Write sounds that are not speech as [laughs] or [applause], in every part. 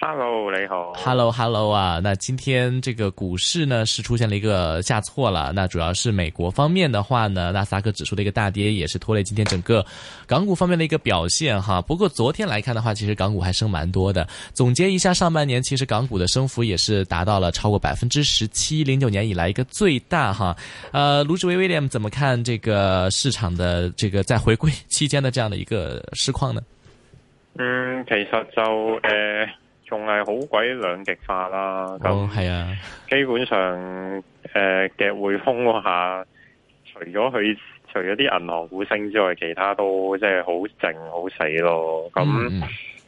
hello 你好，hello hello 啊，那今天這個股市呢是出現了一個下挫了，那主要是美國方面的話呢，納斯達克指數的一個大跌，也是拖累今天整個港股方面的一個表現哈。不過昨天來看的話，其實港股還升蠻多的。總結一下上半年，其實港股的升幅也是達到了超過百分之十七，零九年以來一個最大哈。呃，盧志威 William 怎麼看這個市場的這個在回歸期間的這樣的一個市況呢？嗯，其實就呃……仲係好鬼兩極化啦，咁係啊，基本上誒嘅匯豐嗰下，除咗佢除咗啲銀行股升之外，其他都即係好靜好死咯。咁、嗯、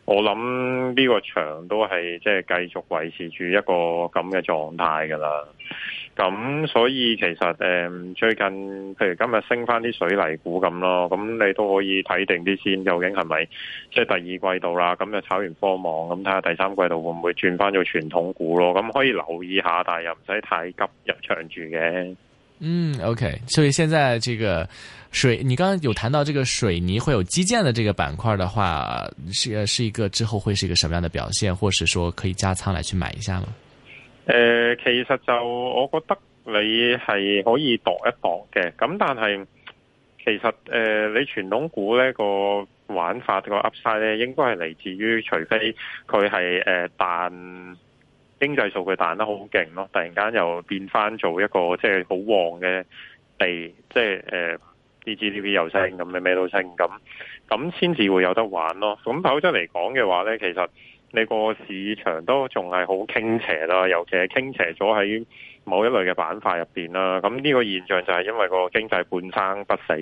我諗呢個場都係即係繼續維持住一個咁嘅狀態噶啦。咁所以其實誒，最近譬如今日升翻啲水泥股咁咯，咁你都可以睇定啲先，究竟係咪即係第二季度啦？咁就炒完科網，咁睇下第三季度會唔會轉翻做傳統股咯？咁可以留意下，但係又唔使太急入場住嘅。嗯，OK。所以現在這個水，你剛剛有談到這個水泥會有基建的這個板塊的話，是是一個之後會是一個什麼樣的表現，或是說可以加倉來去買一下嗎？誒、呃，其實就我覺得你係可以度一度嘅，咁但係其實誒、呃，你傳統股咧個玩法個 Upside 咧，應該係嚟自於除非佢係誒彈經濟數據彈得好勁咯，突然間又變翻做一個即係好旺嘅地，即係誒，G D P 又升咁，你咩都升，咁咁先至會有得玩咯。咁否則嚟講嘅話咧，其實。你個市場都仲係好傾斜啦，尤其係傾斜咗喺某一類嘅板塊入邊啦。咁呢個現象就係因為個經濟半生不死，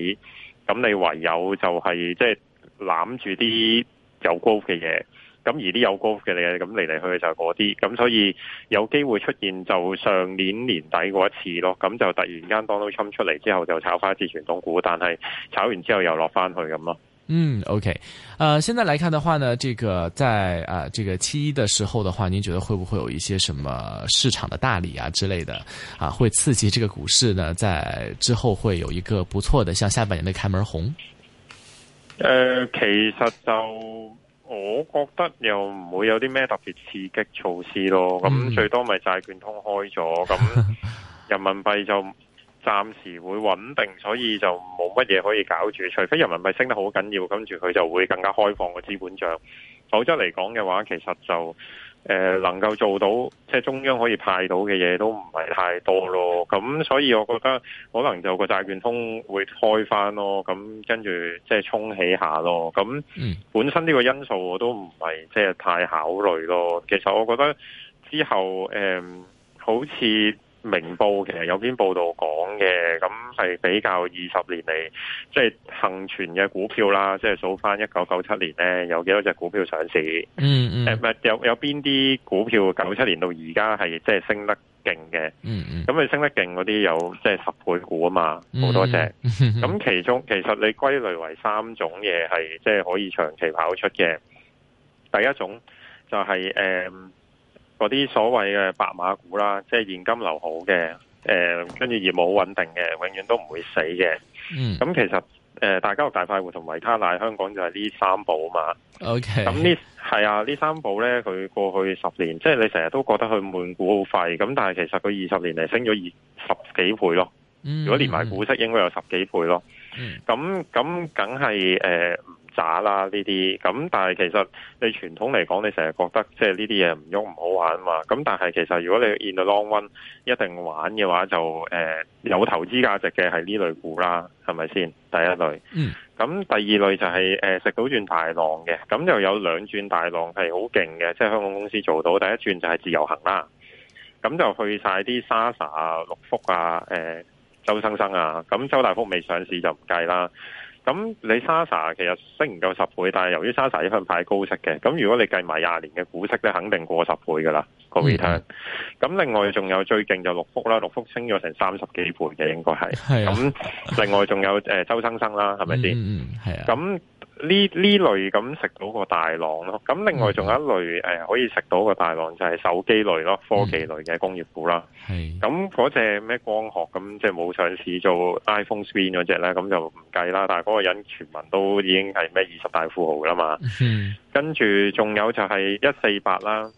咁你唯有就係、是、即係攬住啲有高嘅嘢，咁而啲有高嘅嘢咁嚟嚟去去就係嗰啲。咁所以有機會出現就上年年底嗰一次咯。咁就突然間當到侵出嚟之後，就炒翻一次傳統股，但係炒完之後又落翻去咁咯。嗯，OK，誒、呃，現在來看的話呢，這個在啊、呃，這個七一的時候的話，你覺得會不會有一些什麼市場的大禮啊之類的，啊，會刺激這個股市呢？在之後會有一個不錯的，像下半年的開門紅。誒、呃，其實就我覺得又唔會有啲咩特別刺激措施咯，咁最多咪債券通開咗，咁人民幣就。 [laughs] 暫時會穩定，所以就冇乜嘢可以搞住，除非人民幣升得好緊要，跟住佢就會更加開放個資本帳。否則嚟講嘅話，其實就誒、呃、能夠做到，即係中央可以派到嘅嘢都唔係太多咯。咁所以我覺得可能就個債券通會開返咯，咁跟住即係沖起下咯。咁本身呢個因素我都唔係即係太考慮咯。其實我覺得之後誒、呃、好似。明報其實有篇報道講嘅，咁係比較二十年嚟即係幸存嘅股票啦，即係數返一九九七年咧有幾多隻股票上市，誒唔係有有邊啲股票九七年到而家係即係升得勁嘅，咁你、嗯、升得勁嗰啲有即係十倍股啊嘛，好多隻，咁、嗯、其中其實你歸類為三種嘢係即係可以長期跑出嘅，第一種就係、是、誒。呃嗰啲所謂嘅白馬股啦，即係現金流好嘅，誒跟住業務好穩定嘅，永遠都唔會死嘅。咁、嗯、其實誒、呃，大家樂、大快活同維他奶，香港就係呢三寶嘛。OK，咁呢係啊，三寶呢三寶咧，佢過去十年，即係你成日都覺得佢悶股廢，咁但係其實佢二十年嚟升咗二十幾倍咯。嗯、如果連埋股息，應該有十幾倍咯。咁咁梗係誒。渣啦呢啲，咁但係其實你傳統嚟講，你成日覺得即係呢啲嘢唔喐唔好玩嘛。咁但係其實如果你 in the long run 一定玩嘅話就，就、呃、誒有投資價值嘅係呢類股啦，係咪先？第一類。嗯。咁第二類就係誒食到轉大浪嘅，咁就有兩轉大浪係好勁嘅，即、就、係、是、香港公司做到第一轉就係自由行啦。咁就去晒啲莎莎啊、六福啊、誒、呃、周生生啊，咁周大福未上市就唔計啦。咁你莎莎其實升唔夠十倍，但係由於莎莎一份派高息嘅，咁如果你計埋廿年嘅股息咧，肯定過十倍噶啦，各位聽。咁、嗯、另外仲有最勁就六福啦，六福升咗成三十幾倍嘅應該係。係、啊。咁另外仲有誒周生生啦，係咪先？嗯嗯。係啊。咁。呢呢類咁食到個大浪咯，咁另外仲有一類誒 Okay.、呃、可以食到個大浪就係手機類咯，科技類嘅工業股啦。係，咁嗰隻咩光學咁即係冇上市做 iPhone screen 嗰隻咧，咁就唔計啦。但係嗰個人傳聞都已經係咩二十大富豪噶啦嘛。嗯、mm，hmm. 跟住仲有就係一四八啦。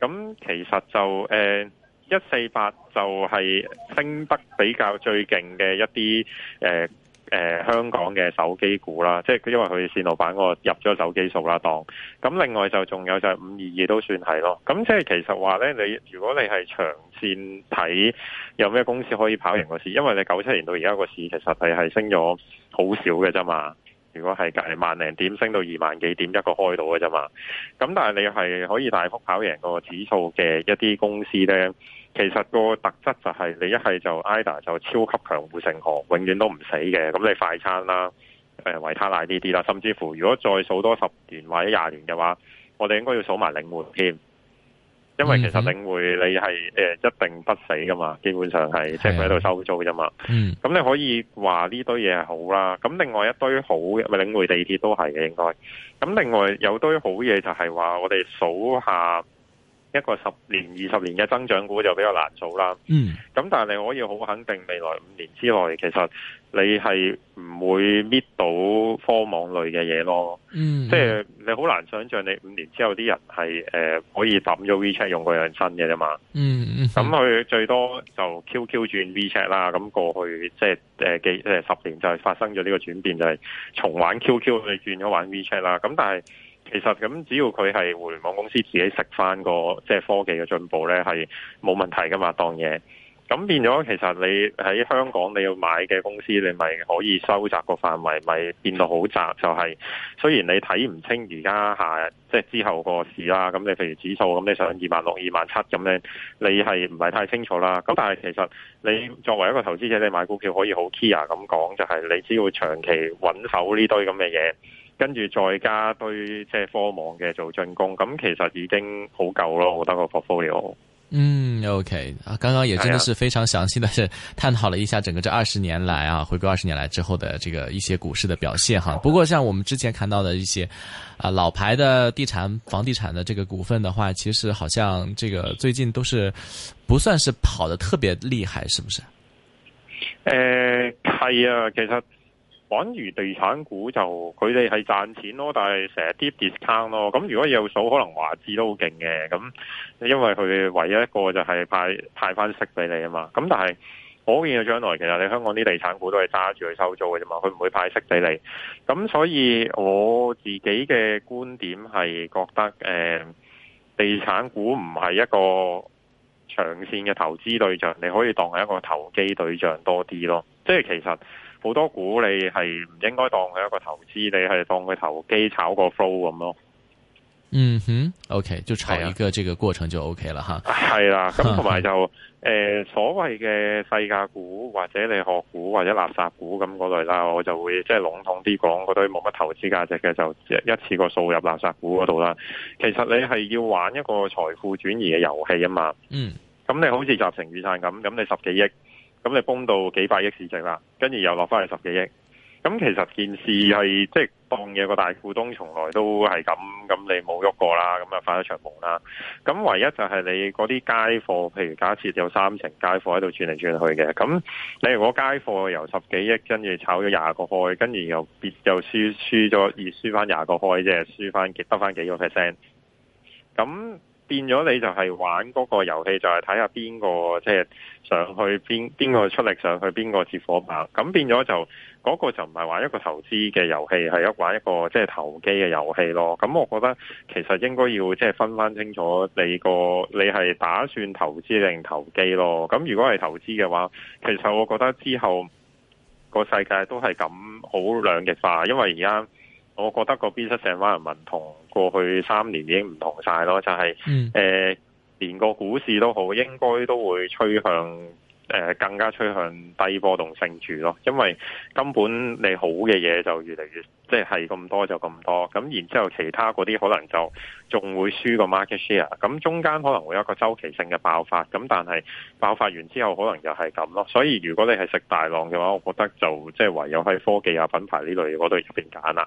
咁其實就誒一四八就係升得比較最勁嘅一啲誒。呃誒、呃、香港嘅手機股啦，即係佢因為佢線路板嗰個入咗手機數啦，當咁另外就仲有就係五二二都算係咯，咁即係其實話咧，你如果你係長線睇有咩公司可以跑贏個市，因為你九七年到而家個市其實係係升咗好少嘅啫嘛。如果係隔離萬零點升到二萬幾點一個開到嘅啫嘛，咁但係你係可以大幅跑贏個指數嘅一啲公司呢？其實個特質就係、是、你一係就 IDA 就超級強護城河，永遠都唔死嘅。咁你快餐啦，誒維他奶呢啲啦，甚至乎如果再數多十年或者廿年嘅話，我哋應該要數埋領匯添。因為其實領匯你係誒、呃、一定不死噶嘛，基本上係的即係佢喺度收租啫嘛。咁、嗯、你可以話呢堆嘢係好啦。咁另外一堆好嘅，咪領匯地鐵都係嘅應該。咁另外有堆好嘢就係話我哋數下。一個十年、二十年嘅增長股就比較難做啦。嗯，咁但係你可以好肯定，未來五年之外，其實你係唔會搣到科網類嘅嘢咯。嗯，即係你好難想像你五年之後啲人係誒、呃、可以抌咗 WeChat 用嗰樣新嘅啫嘛。嗯嗯，咁、嗯、佢最多就 QQ 轉 WeChat 啦。咁、嗯嗯、過去即係誒幾即係十年就係發生咗呢個轉變，就係、是、重玩 QQ 去轉咗玩 WeChat 啦。咁、嗯、但係。其實咁，只要佢係互聯網公司，自己食翻、個即係、就是、科技嘅進步呢，係冇問題噶嘛。當嘢咁變咗，其實你喺香港你要買嘅公司，你咪可以收窄個範圍，咪變到好窄。就係、是、雖然你睇唔清而家下即係之後個市啦，咁你譬如指數咁，你上二萬六、二萬七咁呢，你係唔係太清楚啦？咁但係其實你作為一個投資者，你買股票可以好 clear 咁講，就係、是、你只要長期揾手呢堆咁嘅嘢。跟住再加對即係科網嘅做進攻，咁其實已經好夠咯，我得個 portfolio。嗯，OK，啊，剛剛亦真的是非常詳細地探討了一下整個這二十年來啊，回歸二十年來之後的這個一些股市的表現哈。不過，像我們之前看到的一些啊老牌的地產、房地產的這個股份的話，其實好像這個最近都是不算是跑得特別厲害，是不是？誒，係啊，其實。反而地產股就佢哋係賺錢咯，但係成日貼 discount 咯。咁、嗯、如果有數，可能華資都好勁嘅。咁、嗯、因為佢唯一一個就係派派翻息俾你啊嘛。咁、嗯、但係我見到嘅將來，其實你香港啲地產股都係揸住去收租嘅啫嘛，佢唔會派息俾你。咁、嗯、所以我自己嘅觀點係覺得，誒、嗯、地產股唔係一個長線嘅投資對象，你可以當係一個投機對象多啲咯。即係其實。好多股你係唔應該當佢一個投資，你係當佢投機炒個 flow 咁咯。嗯哼，OK，就炒一個這個過程就 OK 啦，吓、啊，係啦、啊，咁同埋就誒、呃、所謂嘅細價股或者你學股或者垃圾股咁嗰類啦，我就會即係籠統啲講嗰堆冇乜投資價值嘅，就一次過掃入垃圾股嗰度啦。嗯、其實你係要玩一個財富轉移嘅遊戲啊嘛。嗯。咁你好似集成雨傘咁，咁你十幾億。咁你崩到幾百億市值啦，跟住又落翻去十幾億。咁其實件事係即係當嘢個大股東，從來都係咁，咁你冇喐過啦，咁啊發咗場夢啦。咁唯一就係你嗰啲街貨，譬如假設有三成街貨喺度轉嚟轉去嘅，咁你如果街貨由十幾億跟住炒咗廿個開，跟住又又輸，輸咗而輸翻廿個開即係，輸翻得翻幾個 percent。咁變咗你就係玩嗰個遊戲，就係睇下邊個即係上去邊邊個出力上去邊個接火棒，咁變咗就嗰、那個就唔係玩一個投資嘅遊戲，係一玩一個即係投機嘅遊戲咯。咁我覺得其實應該要即係分翻清楚你個你係打算投資定投機咯。咁如果係投資嘅話，其實我覺得之後個世界都係咁好兩極化，因為而家。我覺得個 B 七城灣人民同過去三年已經唔同晒咯、就是，就係誒連個股市都好，應該都會趨向誒、呃、更加趨向低波動性住咯，因為根本你好嘅嘢就越嚟越即係咁多就咁多，咁然之後其他嗰啲可能就仲會輸個 market share，咁中間可能會有一個周期性嘅爆發，咁但係爆發完之後可能又係咁咯，所以如果你係食大浪嘅話，我覺得就即係、就是、唯有喺科技啊品牌呢類嗰度入邊揀啦。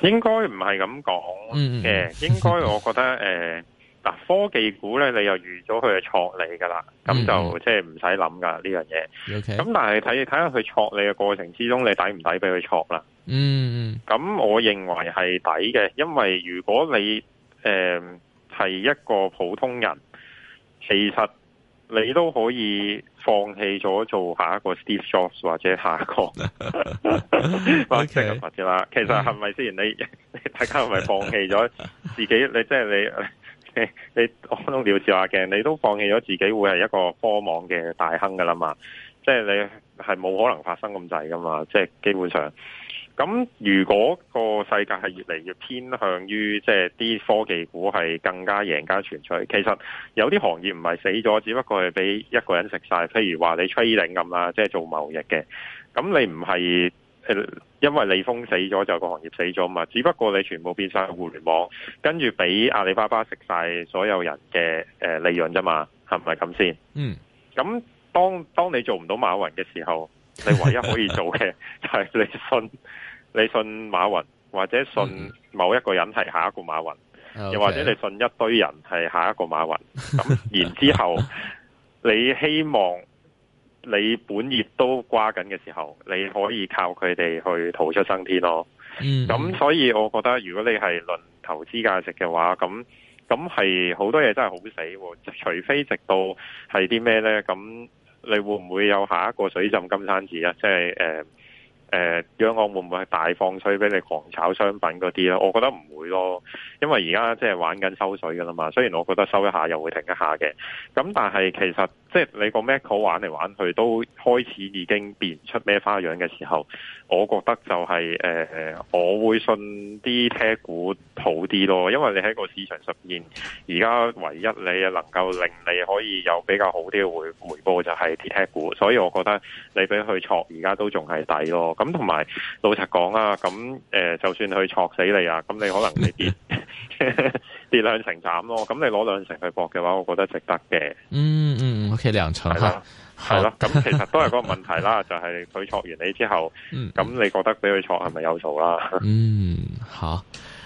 應該唔係咁講嘅，嗯、應該我覺得誒，嗱、 [laughs] 呃、科技股咧，你又預咗佢係錯你噶啦，咁就、嗯、即係唔使諗噶呢樣嘢。咁 Okay. 但係睇睇下佢錯你嘅過程之中，你抵唔抵俾佢錯啦？嗯，咁我認為係抵嘅，因為如果你誒係一個普通人，其實。你都可以放棄咗做下一個 Steve Jobs 或者下一個，即係啦。其實係咪雖然你，你大家係咪放棄咗自己？你即係你，你，你我用尿尿嘅，你都放棄咗自己會係一個科網嘅大亨嘅啦嘛？即係你係冇可能發生咁滯噶嘛？即係基本上。咁如果個世界係越嚟越偏向於即係啲科技股係更加贏家全取，其實有啲行業唔係死咗，只不過係俾一個人食晒。譬如話你 Trading 咁啦，即係做貿易嘅，咁你唔係因為利豐死咗就個行業死咗嘛？只不過你全部變曬互聯網，跟住俾阿里巴巴食晒所有人嘅誒利潤啫嘛，係咪咁先？嗯。咁當當你做唔到馬雲嘅時候， [laughs] 你唯一可以做嘅，就係你信，你信馬雲，或者信某一個人係下一個馬雲，Okay. 又或者你信一堆人係下一個馬雲。咁 [laughs] 然之後，你希望你本業都瓜緊嘅時候，你可以靠佢哋去逃出生天咯。咁 [laughs] 所以我覺得，如果你係論投資價值嘅話，咁咁係好多嘢真係好死，除非直到係啲咩呢？咁。你會唔會有下一個水浸金山寺啊？即係誒誒，央行會唔會係大放水俾你狂炒商品嗰啲咧？我覺得唔會咯，因為而家即係玩緊收水噶啦嘛。雖然我覺得收一下又會停一下嘅，咁但係其實。即係你個 Macau 玩嚟玩去都開始已經變出咩花樣嘅時候，我覺得就係、是、誒、呃，我會信啲 tech 股好啲咯，因為你喺個市場實現而家唯一你能夠令你可以有比較好啲嘅回回報就係 tech 股，所以我覺得你俾佢挫而家都仲係抵咯。咁同埋老實講啊，咁誒、呃，就算佢挫死你啊，咁你可能跌 [laughs] [laughs] 跌兩成斬咯，咁你攞兩成去搏嘅話，我覺得值得嘅、嗯。嗯。OK，兩層啦，係咯，咁其實都係個問題啦， [laughs] 就係佢錯完你之後，咁 [laughs] 你覺得俾佢錯係咪有數啦？ [laughs] 嗯，吓。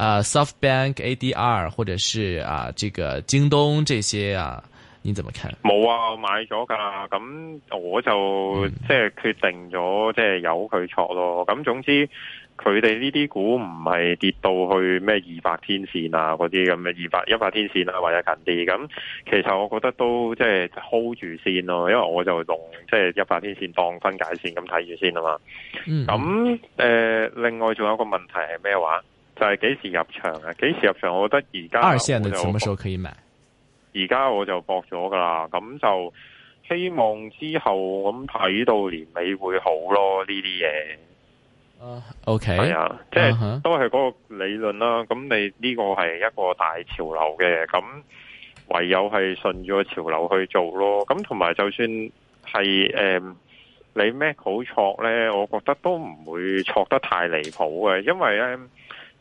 啊、uh,，SoftBank ADR，或者是啊，這個京東這些啊，你怎麼看？冇啊，我買咗㗎，咁我就、嗯、即係決定咗，即係由佢錯咯。咁總之，佢哋呢啲股唔係跌到去咩二百天線啊，嗰啲咁嘅二百一百天線啊，或者近啲。咁其實我覺得都即係 hold 住先咯，因為我就用即係一百天線當分界線咁睇住先啊嘛。咁誒、嗯呃，另外仲有個問題係咩話？就係幾時入場啊？幾時入場？入場我覺得而家二線的什麼時候可以買？而家我就博咗噶啦，咁就希望之後咁睇到年尾會好咯。呢啲嘢，啊、uh,，OK，係啊，即係都係嗰個理論啦。咁、uh huh. 你呢個係一個大潮流嘅，咁唯有係順住個潮流去做咯。咁同埋就算係誒、呃，你咩好錯咧？我覺得都唔會錯得太離譜嘅，因為咧。呃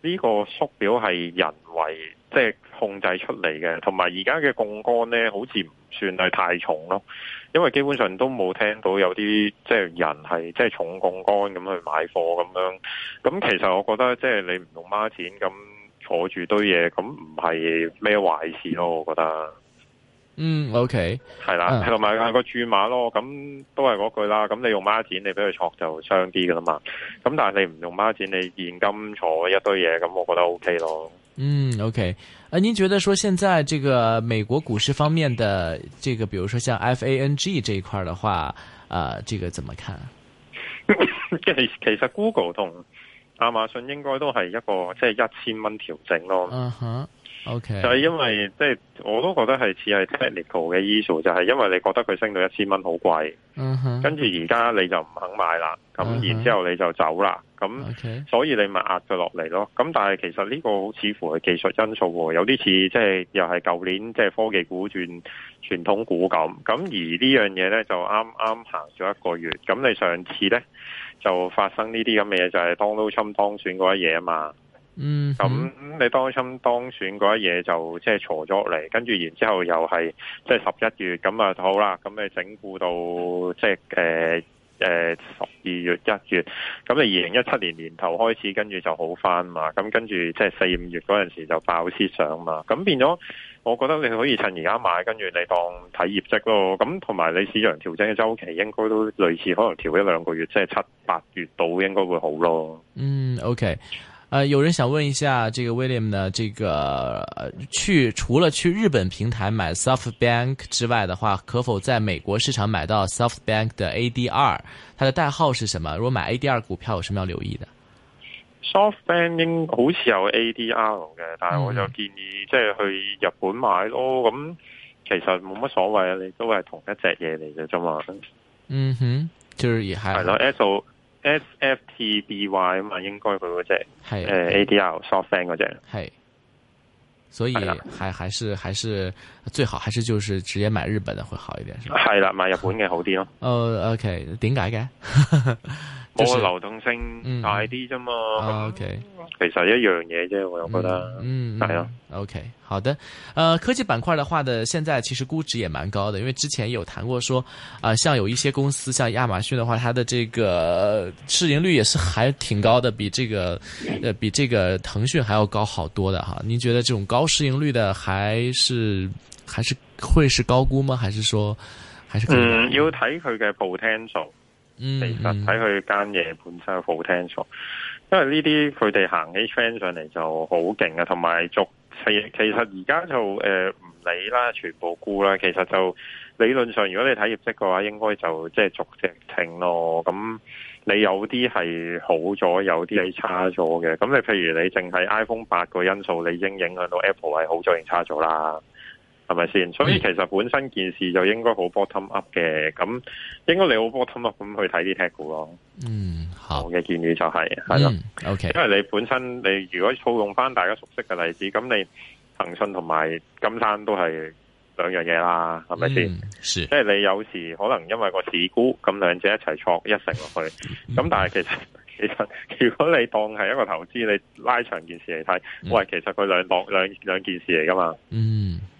呢個縮表係人為即係、就是、控制出嚟嘅，同埋而家嘅槓桿呢，好似唔算係太重咯，因為基本上都冇聽到有啲即係人係即係重槓桿咁去買貨咁樣。咁其實我覺得即係、就是、你唔用孖錢咁坐住堆嘢，咁唔係咩壞事咯，我覺得。嗯，OK，係啦的，同埋、嗯、個注碼咯，咁、嗯、都係嗰句啦。咁、嗯、你用孖展，你俾佢坐就傷啲噶啦嘛。咁但係你唔用孖展，你現金坐一堆嘢，咁我覺得 OK 咯。嗯，OK，誒、呃，您覺得說現在這個美國股市方面的這個，比如說像 FANG 這一塊的話，啊、呃，這個怎麼看？其 [laughs] 其實 Google 同亞馬遜應該都係一個即係一千蚊調整咯。嗯嗯嗯 Okay. 就係因為即係我都覺得係似係 technical 嘅 issue，就係、是、因為你覺得佢升到一千蚊好貴，uh huh. 跟住而家你就唔肯買啦，咁、uh huh. 然之後你就走啦，咁 Okay. 所以你咪壓咗落嚟咯。咁但係其實呢個似乎係技術因素，有啲似即係又係舊年即係科技股轉傳統股咁。咁而呢樣嘢咧就啱啱行咗一個月，咁你上次咧就發生呢啲咁嘅嘢，就係 Donald Trump 當選嗰一嘢啊嘛。嗯，咁、嗯 [noise] 嗯、你當心當選嗰一嘢就即係挫咗落嚟，跟住然之後又係即係十一月，咁啊好啦，咁你整固到即係誒誒十二月一月，咁你二零一七年年頭開始，跟住就好翻嘛，咁跟住即係四五月嗰陣時就爆跌上嘛，咁變咗我覺得你可以趁而家買，跟住你當睇業績咯，咁同埋你市場調整嘅周期應該都類似，可能調一兩個月，即係七八月度應該會好咯。嗯，OK。呃、有人想問一下，這個 William 呢？這個去除了去日本平台買 SoftBank 之外的話，可否在美國市場買到 SoftBank 的 ADR？它的代號是什麼？如果買 ADR 股票，有什麼要留意的？SoftBank 應好似有 ADR 嘅，但係我就建議即係去日本買咯。咁、嗯、其實冇乜所謂啊，你都係同一隻嘢，嚟嘅啫嘛。嗯哼，就是係。SFTBY 啊嘛，應該佢嗰隻，誒 ADR 縮升嗰隻，係、呃、所以，係的，還是還是最好，還是就是直接買日本嘅會好一點，係啦，買日本嘅好啲咯。哦、 [laughs] 呃、，OK，點解嘅？ [laughs] 我流動性、就是嗯、大啲啫嘛、啊、，OK，其實一樣嘢啫，我又覺得，嗯，係、嗯、啊，OK，好的，誒、呃，科技板塊的話的，的現在其實估值也蠻高的，因為之前有談過說，啊、呃，像有一些公司，像亞馬遜的話，它的這個市盈率也是還挺高的，比這個，誒、呃，比這個騰訊還要高好多的哈。您覺得這種高市盈率的，還是還是會是高估嗎？還是說，還是高估嗯，要睇佢嘅 potential。嗯嗯、其實睇佢間嘢，本身好聽錯，因為呢啲佢哋行起 trend 上嚟就好勁啊，同埋逐其其實而家就誒唔、呃、理啦，全部估啦。其實就理論上，如果你睇業績嘅話，應該就即係逐隻聽咯。咁你有啲係好咗，有啲係差咗嘅。咁你譬如你淨係 iPhone 八個因素，你已經影響到 Apple 係好咗定差咗啦。係咪先？所以其實本身件事就應該好 bottom up 嘅，咁應該你好 bottom up 咁去睇啲 tech 股咯。嗯，好嘅建議就係係咯，OK。因為你本身你如果套用翻大家熟悉嘅例子，咁你騰訊同埋金山都係兩樣嘢啦，係咪先？即係、嗯、你有時可能因為個市沽，咁兩者一齊錯一成落去。咁、嗯、但係其實其實如果你當係一個投資，你拉長件事嚟睇，喂、嗯，其實佢兩兩兩,兩件事嚟噶嘛。嗯。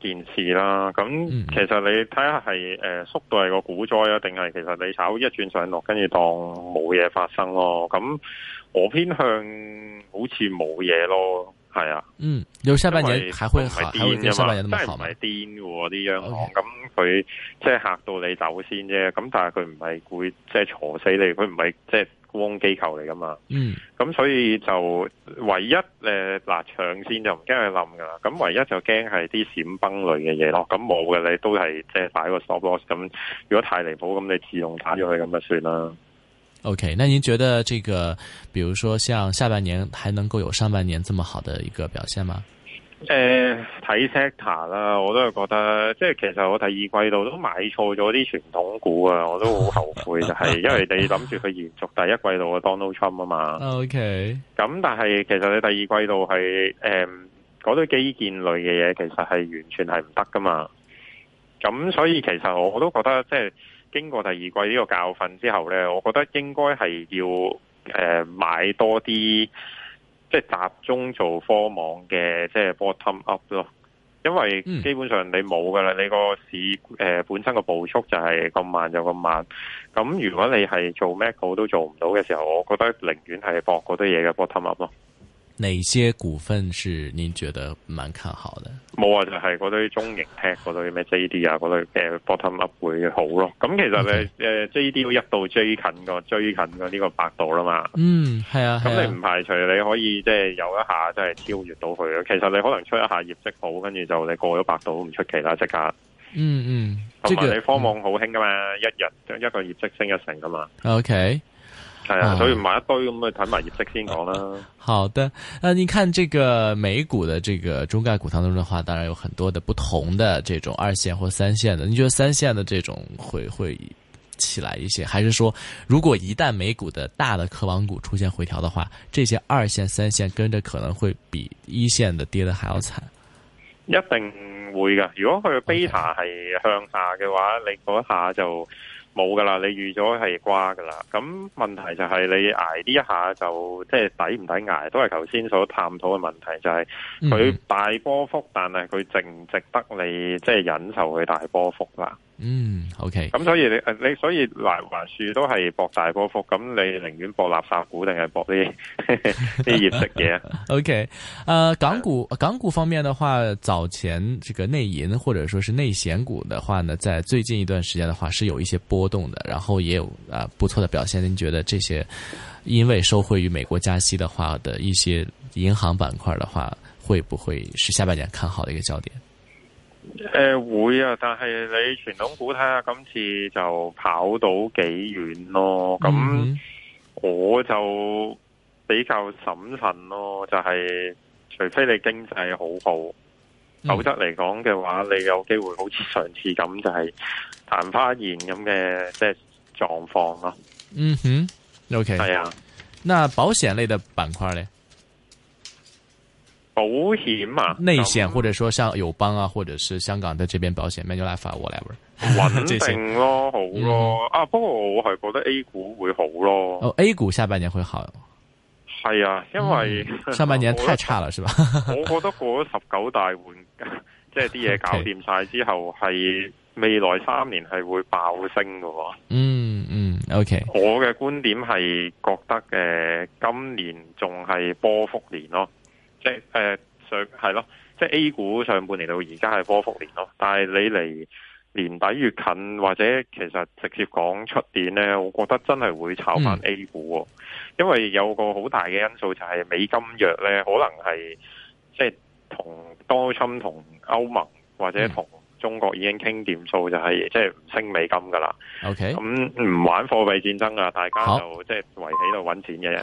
件事啦，咁、嗯、其實你睇下係誒縮到係個股災啊，定係其實你炒一轉上落，跟住當冇嘢發生咯？咁、嗯嗯、我偏向好似冇嘢咯。係啊，班人嗯，有下半年還會，下半年相真係唔係癲嘅喎，啲央行咁，佢即係嚇到你先走先啫，咁但係佢唔係會即係坐死你，佢唔係即係公機構嚟噶嘛，嗯，咁所以就唯一誒嗱搶先就唔驚佢冧噶啦，咁唯一就驚係啲閃崩類嘅嘢咯，咁冇嘅你都係即係打個 stop loss，咁如果太離譜咁你自動打咗佢，咁就算啦。O.K.，那您覺得這個，比如說像下半年還能夠有上半年這麼好的一個表現嗎？誒、呃，睇 sector 啦，我都係覺得，即係其實我第二季度都買錯咗啲傳統股啊，我都好後悔， [laughs] 就係因為你諗住佢延續第一季度嘅 Donald Trump 啊嘛。O.K.，咁但係其實你第二季度係誒嗰堆基建類嘅嘢，其實係完全係唔得噶嘛。咁所以其實我都覺得即係。經過第二季呢個教訓之後呢我覺得應該係要誒、呃、買多啲，即係集中做科網嘅即係 bottom up 咯。因為基本上你冇噶啦，你個市誒、呃、本身個步速就係咁慢就咁慢。咁如果你係做 macro 都做唔到嘅時候，我覺得寧願係博嗰堆嘢嘅 bottom up 咯。哪些股份是您覺得蠻看好的？冇啊，就係嗰堆中型 tech 嗰堆咩 J D 啊，嗰堆 bottom up 會好咯。咁其實咧誒 Okay.、uh, J D 都一度追近個追近個呢個百度啦嘛。嗯，係啊。咁、啊、你唔排除你可以即係、就是、有一下即係超越到佢啊。其實你可能出一下業績好，跟住就你過咗百度，唔出奇啦即刻。嗯嗯。同埋你科網好興噶嘛，一日一個業績升一成噶嘛。O K。係啊，所以買一堆咁去睇埋業績先講啦。好的，誒、啊，你看這個美股的這個中概股當中的話，當然有很多的不同的這種二線或三線的。你覺得三線的這種會會起來一些，還是說如果一旦美股的大的科網股出現回調的話，這些二線、三線跟着可能會比一線的跌得還要慘？一定會噶，如果佢嘅 beta 係向下嘅話，嗯、你嗰下就。冇噶啦，你預咗係瓜噶啦。咁問題就係你捱呢一下就即係抵唔抵捱，都係頭先所探討嘅問題，就係佢大波幅，但係佢值唔值得你即係忍受佢大波幅啦。嗯，OK，咁所以你你所以橫橫豎都係博大波幅，咁你寧願博垃圾股定係博啲啲業績嘢？OK，誒、呃，港股港股方面的話，早前這個內銀或者說是內險股的話呢，在最近一段時間的話是有一些波動的，然後也有啊不錯的表現。您覺得這些因為受惠於美國加息的話的一些銀行板塊的話，會不會是下半年看好的一個焦點？誒、呃，會啊！但係你傳統股睇下，今次就跑到幾遠咯。咁、嗯、哼我就比較審慎咯，就係、是、除非你經濟好好，嗯、否則嚟講嘅話，你有機會好似上次咁，就係、是、曇花現咁嘅即係狀況咯、啊。嗯哼，OK，係啊。那保險類的板塊呢？保險啊，內險陷，樣或者說像友邦啊，或者是香港的這邊保險，Manulife whatever，穩定咯， [laughs] 好咯。啊，不過我係覺得 A 股會好咯。哦，A 股下半年會好。係啊、嗯，因為上半年太差了， [laughs] 是吧？ [laughs] 我覺得過咗十九大換，即係啲嘢搞掂晒之後，係 [laughs] Okay. 未來三年係會爆升嘅、嗯。嗯嗯，OK。我嘅觀點係覺得，誒，今年仲係波幅年咯。即係誒上係咯，即係 A 股上半年到而家係波幅年咯。但係你嚟，年底越近，或者其實直接講出年咧，我覺得真係會炒翻 A 股，因為有個好大嘅因素就係美金弱咧，可能係即係同多侵同歐盟或者同中國已經傾掂數，就係即係唔升美金噶啦。O K，咁唔玩貨幣戰爭啊，大家就即係圍喺度搵錢嘅。